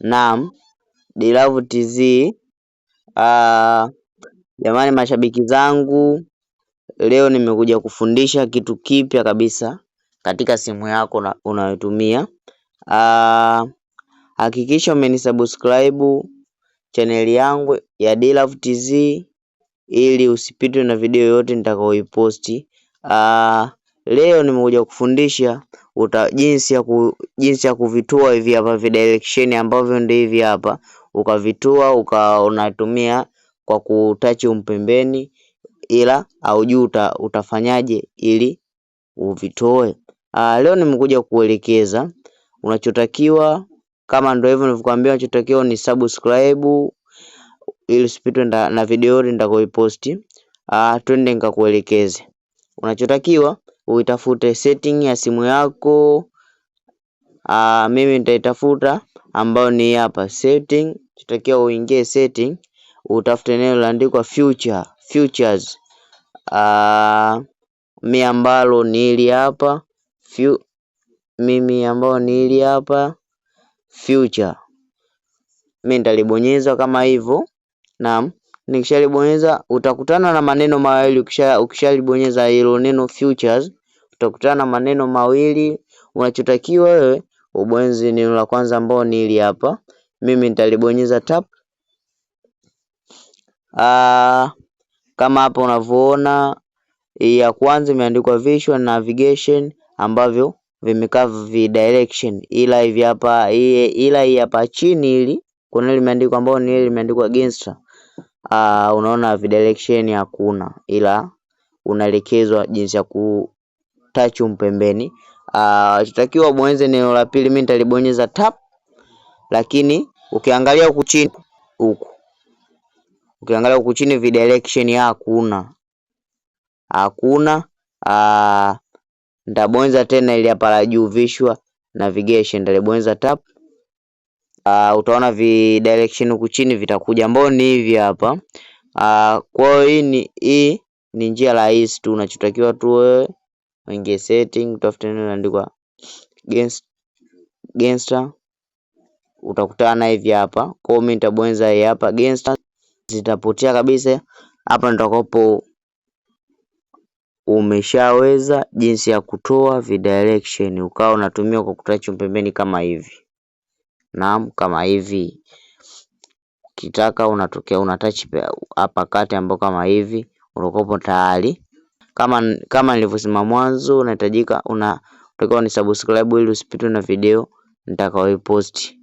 Naam, Dirav Tz, jamani mashabiki zangu, leo nimekuja kufundisha kitu kipya kabisa katika simu yako unayotumia. Hakikisha umenisubscribe channel yangu ya Dirav Tz ili usipitwe na video yoyote nitakayoiposti. Leo nimekuja kufundisha uta jinsi ya ku, jinsi ya kuvitoa hivi hapa vidirection ambavyo ndio hivi hapa, ukavitoa uka unatumia kwa kutachi umpembeni, ila aujui uta, utafanyaje ili uvitoe. Aa, ah, leo nimekuja kuelekeza unachotakiwa kama ndio hivyo nilivyokuambia, unachotakiwa ni subscribe ili usipitwe na video nitakoiposti. Ah, twende nikakuelekeze unachotakiwa uitafute setting ya simu yako. Aa, mimi nitaitafuta ambayo ni hapa setting, tutakiwa uingie setting, utafute neno laandikwa future, futures. mi ambalo ni hili hapa Fu, mimi ambao ni hili hapa future, mi nitalibonyeza kama hivyo. Naam nikishalibonyeza utakutana na maneno mawili ukisha ukishalibonyeza hilo neno futures utakutana na maneno mawili unachotakiwa wewe ubonyeze neno la kwanza ambao ni hili hapa mimi nitalibonyeza tap Aa, ah, kama hapa unavyoona ya kwanza imeandikwa visual navigation ambavyo vimekaa vi direction ila hivi hapa ila hii hapa chini hili kuna limeandikwa ambao ni limeandikwa Genstra uh, unaona redirection hakuna, ila unaelekezwa jinsi ya pembeni. mpembeni. Ah, Takiwa bonyeze neno la pili, mimi nitalibonyeza tap, lakini ukiangalia huku chini huku, ukiangalia huku chini vidirection ya hakuna, hakuna. Uh, Nitabonyeza tena ili hapa la juu, vishwa navigation, nitalibonyeza tap uh, utaona vi direction huku chini vitakuja ambao ni hivi hapa. Uh, kwa hii ni hii ni njia rahisi tu, unachotakiwa tu wewe uingie setting, utafute neno linaandikwa Gangster, utakutana hivi hapa. Kwa hiyo mimi nitabonyeza hii hapa Gangster, zitapotea kabisa. Hapa nitakopo umeshaweza jinsi ya kutoa vidirection direction ukawa unatumia kwa kutouch pembeni kama hivi naam kama hivi. Ukitaka unatokea una touch hapa kati ambapo kama hivi unakopo tayari. Kama kama nilivyosema mwanzo unahitajika una unatakiwa ni subscribe ili usipitwe na video nitakayoipost.